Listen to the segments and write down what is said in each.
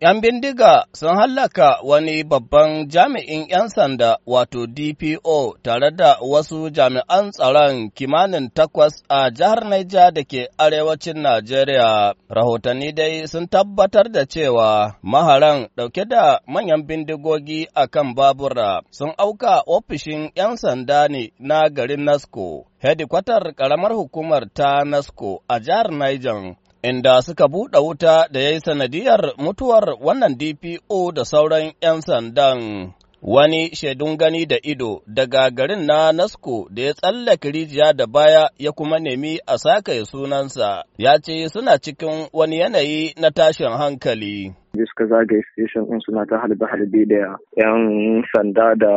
‘Yan bindiga sun hallaka wani babban jami'in ‘yan sanda wato DPO tare da wasu jami'an tsaron kimanin takwas a jihar Naija da ke arewacin Najeriya. Rahotanni dai sun tabbatar da cewa maharan ɗauke da manyan bindigogi a kan babura sun auka ofishin ‘yan sanda ne na garin Nasko. hedikwatar ƙaramar hukumar ta Nasko a jihar Niger inda suka buɗe wuta da ya yi sanadiyar mutuwar wannan DPO da sauran 'yan sandan. Wani shaidun gani da ido daga garin na Nasko da ya tsallaka rijiya da baya ya kuma nemi a ya sunansa, ya ce suna cikin wani yanayi na tashin hankali. je suka zagaye station ɗin suna ta halbe halbe da yan sanda da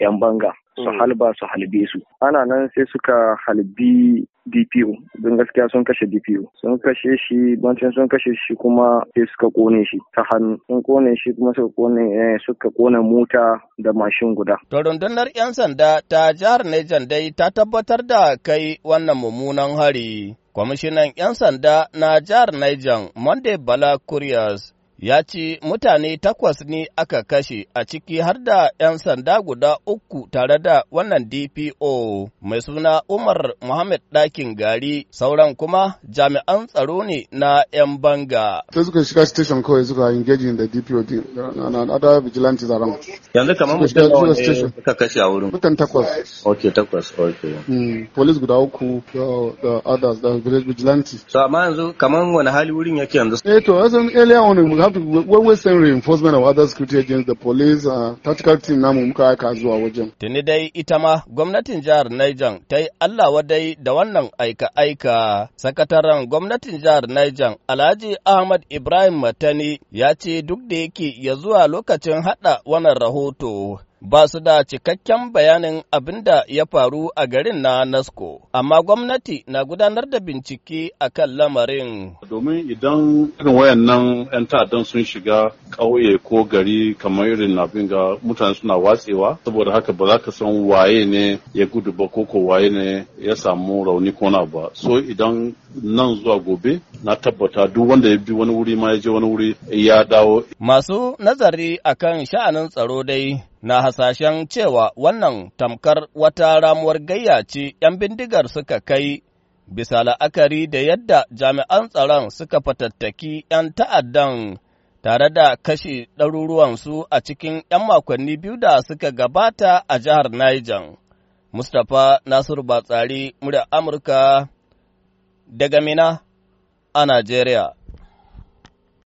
yan banga su mm. halba su halbe su ana nan sai suka halbi DPO don gaskiya sun kashe DPO sun kashe shi bancin sun kashe shi kuma sai suka kone shi ta hannu sun kone shi kuma suka kone eh, suka kone mota da mashin guda. To rundunar 'yan sanda ta jihar Niger dai ta tabbatar da kai wannan mummunan hari. Kwamishinan 'yan sanda na jihar Niger Monday Bala Curious ya ce mutane takwas ne aka kashe a ciki har da 'yan sanda guda uku tare da wannan DPO mai suna Umar Muhammad Ɗakin Gari sauran kuma jami'an tsaro ne na 'yan banga. ta suka shiga station kawai suka engage da DPO din and other vigilantes around. Yanzu kamar mutum da wani suka kashe a wurin. Mutum takwas. Ok takwas ok. Hmm, police guda uku da others da vigilante. So amma yanzu kamar wani hali wurin yake yanzu. Eh to yanzu earlier on have to, when we send reinforcement of other security agents, the police, uh, tactical team namu muka aika zuwa wajen. Tuni dai ita ma gwamnatin jihar Niger ta yi Allah wadai da wannan aika-aika. Sakataren gwamnatin jihar Niger Alhaji Ahmad Ibrahim Matani ya ce duk da yake ya zuwa lokacin haɗa wannan rahoto ba su da cikakken bayanin abin da ya faru a garin na Nasko, amma gwamnati na gudanar da bincike a kan lamarin. Domin idan irin wayannan 'yan ta'addan sun shiga ƙauye ko gari kamar irin abin ga mutane suna watsewa, saboda haka ba za ka san waye ne ya gudu ba ko ko waye ne ya samu rauni ko na ba. So idan nan zuwa gobe na tabbata duk wanda ya bi wani wuri ma ya je wani wuri ya dawo. Masu nazari akan sha'anin tsaro dai na hasashen cewa wannan tamkar wata ramuwar gayya ce ‘yan bindigar suka kai bisa la'akari da yadda jami'an tsaron suka fatattaki ‘yan ta'addan tare da kashe ɗaruruwansu a cikin ‘yan makonni biyu da suka gabata a jihar Niger. Mustapha Nasiru Batsari, murya Amurka, daga Mina a Najeriya.